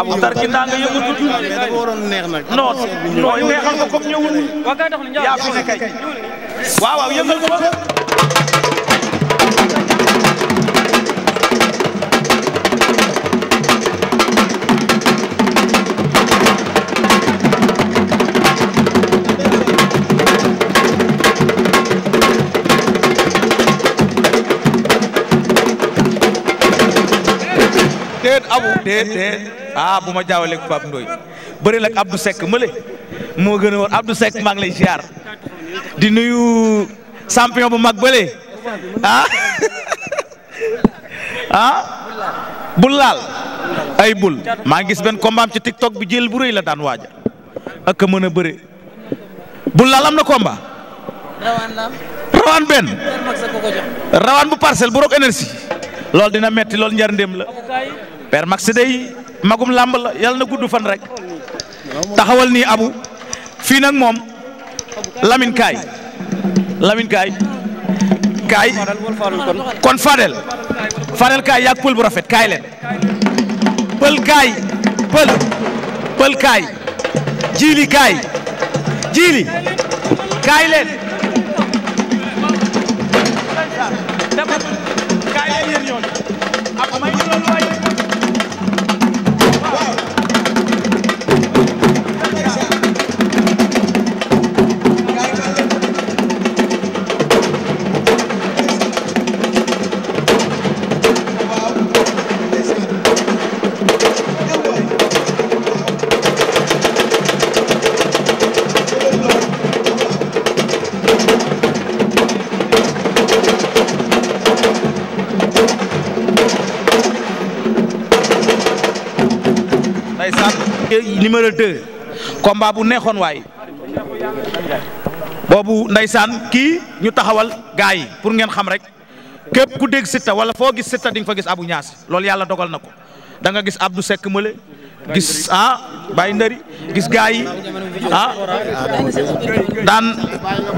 abu tarki daa nga yëngatu. Ah, dafa waroon neex nag. non non neexal ko comme ñëwul. yaa fi ne kay waaw waaw yëngal ko déet abu déet déet ah bu ma jaawaleeg Pape Ndoye bëri nag Abdou sek mële moo gën a war Abdou Seck maa ngi lay ziar di nuyu champion bu mag bële ah ah bul laal ay bul maa ngi gis benn combat am ci bi jël bu rëy la daan waaja ak mën a bëre bul laal am na komba rawaan la rawaan bu parcelle bu rog loolu dina metti lool njar ndéem la père magum làmb la yàlla na gudd fan rek taxawal nii abu fii nag moom Lamine kaay Lamine kaay kaay kon Fadel Fadel kaay yàgg pël bu rafet kaay leen pël kaay pël pël kaay jiili kaay jiili kaay leen ailleurs yoon numéro 2 combat bu neexoon waay boobu ndeysaan kii ñu taxawal gars yi pour ngeen xam rek képp ku dégg Siteu wala foo gis Siteu di fa gis abu ñaas loolu yàlla dogal na ko danga nga gis Abdou sekk Mële gis ah Baye Ndari gis gaa yi ah daan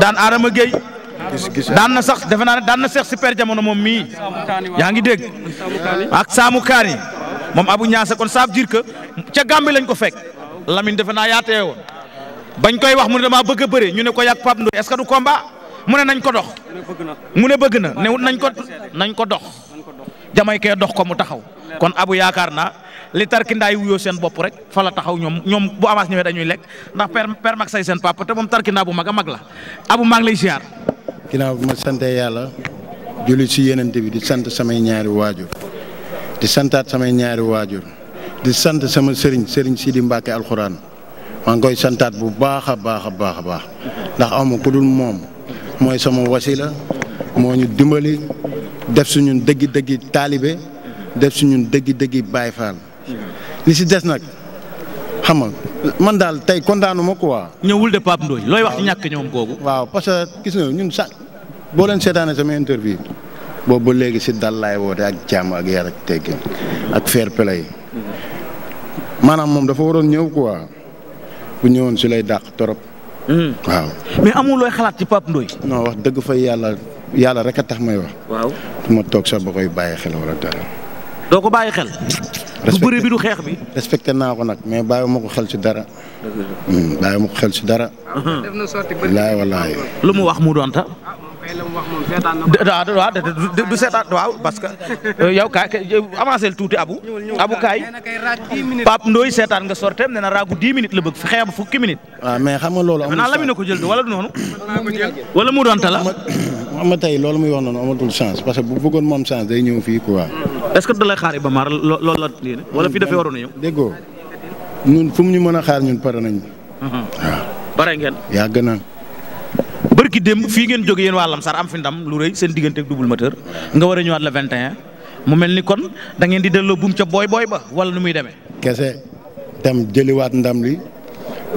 daan Adama Gueye daan na sax defe naa ne daan na seex super jamono moom mii yaa ngi dégg ak Saamu Kaani moom abu Niasse kon ça veut dire que ca Gàmbi lañ ko fekk Lamine defe naa yaatee woon bañ koy wax mu ne damaa bëgg a bëre ñu ne ko yàgg Pape Ndoye ce que du combat mu ne nañ ko dox. mu ne bëgg na ne nañ ko nañ ko dox. jamay kee dox ko mu taxaw kon abu yaakaar naa li tarkindaay wuyoo seen bopp rek fa la taxaw ñoom ñoom bu avance ñëwee dañuy lekk ndax per per mag say seen papa te moom tarkindaa bu mag a mag la Abou mag ngi lay ziar. ginnaaw bi ma sant yàlla julli ci yenente bi di sant sama ñaari waajur di santaat samay ñaari waajur di sant sama sëriñ sëriñ Sidi Mbacke alxuraan maa ngi koy santaat bu baax a baax a baax a baax ndax amu ku dul moom mooy sama wasila moo ñu dimbali def suñu dëggi dëggi taalibe def suñu dëggi dëggi Baay Faal li si des nag xam nga man daal tey kontaanu ma quoi. ñëwul de Pape Ndoye looy wax ci ñàkk ñoom googu. waaw parce gis nga ñun sax boo leen seetaanee sama interview. boobu léegi si dal laay woote ak jàmm ak yar ak teggin ak fair play maanaam moom dafa waroon ñëw quoi bu ñëwoon si lay dàq torop hmm. waaw. mais amul xalaat ci Pape Ndoye. wax dëgg fa yàlla yàlla rek a tax may wax. waaw ma toog sax ba koy bàyyi xel wala dara. doo ko bàyyi xel. du bëre bi du xeex bi. respecté naa ko nag mais bàyyi ma ko xel ci dara. Hmm, bàyyi ma ko xel ci dara. def na laay walaay. lu mu wax mu doon waaw du seetaan waaw parce que euh, yow kaay euh, avancé l tuuti abu abu kaay Pape Ndoye seetaan nga sorteem nee na raagu 10 minutes la bëgg fexe am fukki minutes. waaw ah, mais xam nga loolu amul chance na ko jël mu doon tala. xam nga tey loolu muy wax noonu amatul chance parce que bu bëggoon moom chance day ñëw fii quoi. est-ce que da lay xaar ba maar loolu la lii wala fii dafay waroon a ñëw. déggoo ñun fu mu ñu mën a xaar ñun pare nañu. waaw uh-huh. ah. pare ngeen. yàgg na. bërki dem fii ngeen jóge yéen waa Lamsar am fi ndam lu rëy seen diggante ak double moteur nga war a ñëwaat le 21 mu mel ni kon da ngeen di delloo buum ca booy booy ba wala nu muy demee. kese tam jëliwaat ndam li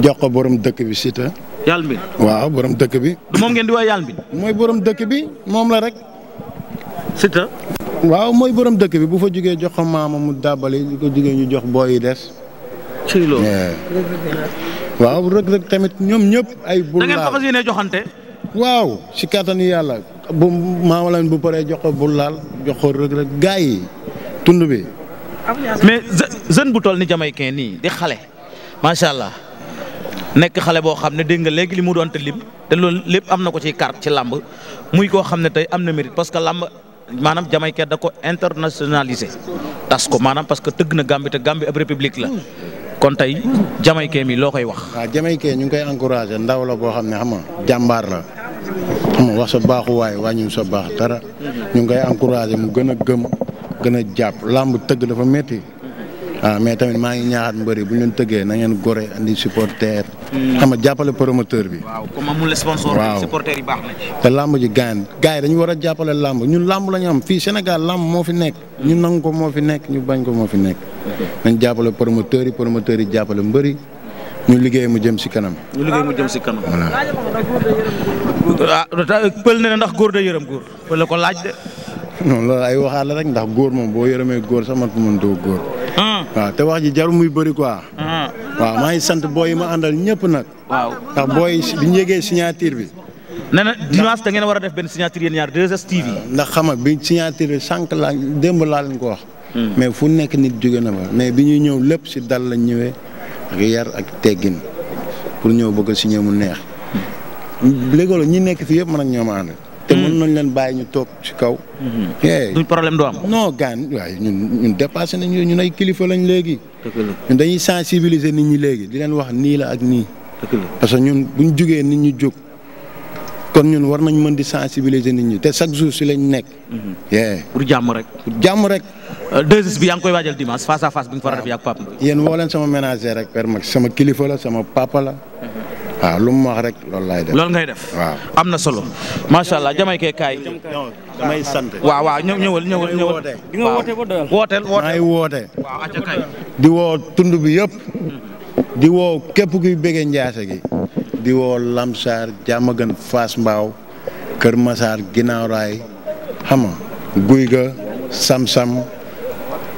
jox ko borom dëkk bi Siteu. yàlla waaw dëkk bi. moom di woowee yàlla mbin. mooy borom dëkk bi moom la rek. Siteu. waaw mooy borom dëkk bi bu fa jugee jox ko mu dàbbali ñu ko jugee ñu jox booy yi des. ci loolu. Eh. waaw rëg rëg tamit ñoom ñëpp ay. bul da ngeen ko fas joxante. waaw si kàttanu yàlla bu maamalan bu paree jox ko bu laal jox ko rëg rëg gaa tund bi. mais jeune bu toll ni jamaïcain nii di xale macha allah nekk xale boo xam ne dégg nga léegi li mu doon te lim te lool lépp am na ko ci carte ci làmb muy koo xam ne tey am na mérite parce que làmb maanaam jamaïcain da ko internationalisé tas ko maanaam parce que tëgg na Gambie te Gambie ab république la. kon tey jamaïcain mi loo koy wax. waaw jamaïcain ñu ngi koy encouragé ndaw boo xam ne xam nga jàmbaar la. wax sa baaxuwaay wàññiw sa baax dara ñu ngay encouragé mu gën a gëm gën a jàpp làmb tëgg dafa métti waaw ah, mais tamit maa ngi ñaaxaat mbëri bu ñu leen tëggee na ngeen gore andi supporter hmm. xam nga jàppale promoteur bi. waaw comme amul te làmb ji gaañ gars yi dañu war a jàppale làmb ñun làmb la ñu am fii Sénégal làmb moo fi nekk. ñu nangu ko moo fi nekk ñu bañ ko moo fi nekk. nañ jàppale promoteur yi promoteur yi jàppale mbëri. ñu liggéey mu jëm si kanam. ñu liggéey mu jëm si kanam. voilà. ah pël ne ndax góor da yërëm góor pël la loolu ay waxaat la rek ndax góor moom boo yërëmee góor sax man mën doo góor. Ah. waaw te wax ji jaru muy bëri quoi. Ah. waaw maa sant booy yi ma àndal ñëpp nag. waaw ndax booy yi bi ñu yëgee signature bi. nee na dimanche da ngeen war a def benn signature yéen ñaar 2STV. ndax xam nga bi signature bi sànq laa démb laa ko wax. Hmm. mais fu nekk nit jóge na ma mais bi ñuy ñëw lépp si dal lañ ñëwee. ak yar ak teggin pour ñëw bëgg si ñëw mu neex. léegoo la ñi nekk fi yëpp mën ak ñoom ànd. te hmm. mën nañ leen bàyyi ñu toog ci kaw. Hmm. du problème du am. non gaan waaye ñun ñun dépassé nañ ñun ay kilifa lañ léegi. ñun dañuy sensibiliser nit ñi léegi di leen wax nii la ak nii. parce que ñun buñ jugee nit ñu jóg. kon ñun war nañ mën di sensibiliser nit ñi te chaque jour si lañ nekk. Mhm. pour jàmm rek. pour jàmm rek. 2 euh, bi yaa ngi koy waajal dimanche face à face bi nga faral def ak Pape Ndoye. woo leen sama ménager rek Père Max sama kilifa la sama papa la. Mhm. waaw lu mu wax rek loolu laay def. loolu ngay def waaw am na solo. macha allah jamay kee kaay. damay sant. waaw waaw ñëw ñëwal di woo tund bi yëpp. Mhm. di woo képp kuy bëggee njaase gi. di woo Lamsaar Diamaguène Fass Mbao Kër Masaar ginaaw Raay xam guy ga sam-sam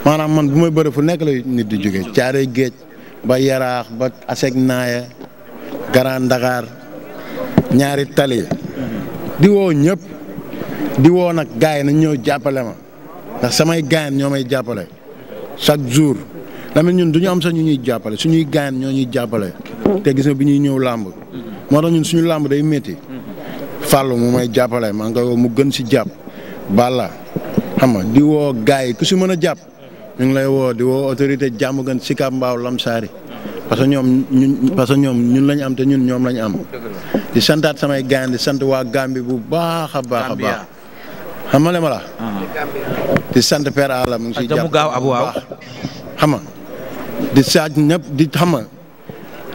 maanaam man bu may bëri fu nekk la nit di jóge caare géej ba yaraax ba asek naaya Grand Dakar ñaari tali di woo ñëpp di woo nag gars yi nañ ñëw jàppale ma ndax samay gaayan ñoo may jàppale chaque jour damit ñun du ñu am gaayan ñoo ñuy jàppale te gis nga bi ñuy ñëw làmb. Mm-hmm. moo tax ñun suñu làmb day métti. Mm-hmm. Fallou mu may jàppale maa ngi koy woo mu gën si jàpp. Balla xam di woo gars yi ku si mën a jàpp ñu ngi lay woo di woo autorité jàmm gën Sika Mbaaw Lamsaari parce que ñoom ñun parce que ñoom ñun lañ am te ñun ñoom lañ am. di santaat samay gaañ di sant waa Gambie bu baax a baax a baax. xam nga ma la. Ah. di sant Père Alla mu ngi siy ah, jàpp bu baax xam di saaj ñëpp di xam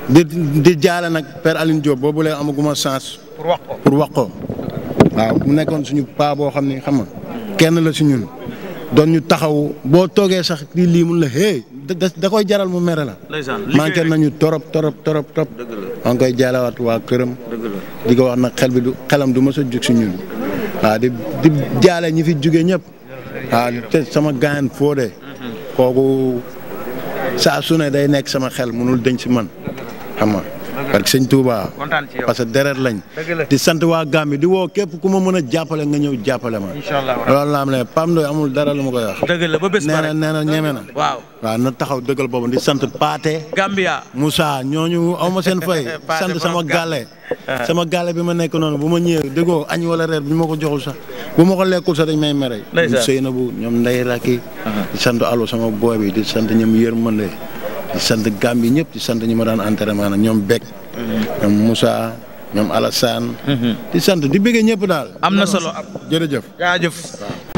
di di jaale nag Père Aline Diop boobu lay amaguma chance. pour wax ko pour waaw mu nekkoon suñu paa boo xam ne xam nga kenn la si ñun doon ñu taxaw boo toogee sax lii lii mun la hey da koy jaral mu mere la. manqué nañu torop torop torop torop. dëgg la koy jaalewaat waa këram. di ko wax na xel bi du xelam du masa a jug si ñun. waaw di di jaale ñi fi jugee ñëpp. waaw te sama gaañ Fodé. Mm-hmm. kooku saa su ne day nekk sama xel munul deñ si man. xam nga parce que sëñ Touba parce que deret lañ di sant waa gàmm bi di woo képp ku ma mën a jàppale nga ñëw jàppale ma loolu la am ne Pape Ndoye amul dara lu ma koy wax dëgg la ba bés ñeme na waaw na taxaw dëggal boobu di sant Paate Gambia Moussa ñooñu aw ma seen fay sant sama gàlle ah. sama gàlle bi ma nekk noonu bu ma ñëwee déggoo añ wala reer bi ñu ma ko joxul sax bu ma ko lekkul sax dañ may mere ñoom Seynabou ñoom Ndeye Racky di sant Allo sama booy di sant ñoom Yërmande di sant Gàmbi ñëpp di sant ñu ma daan entraînement nag ñoom Bek. ñoom Moussa ñoom Alassane. Mm-hmm. di sant di bëggee ñëpp daal. am na solo jërëjëf. jaajëf.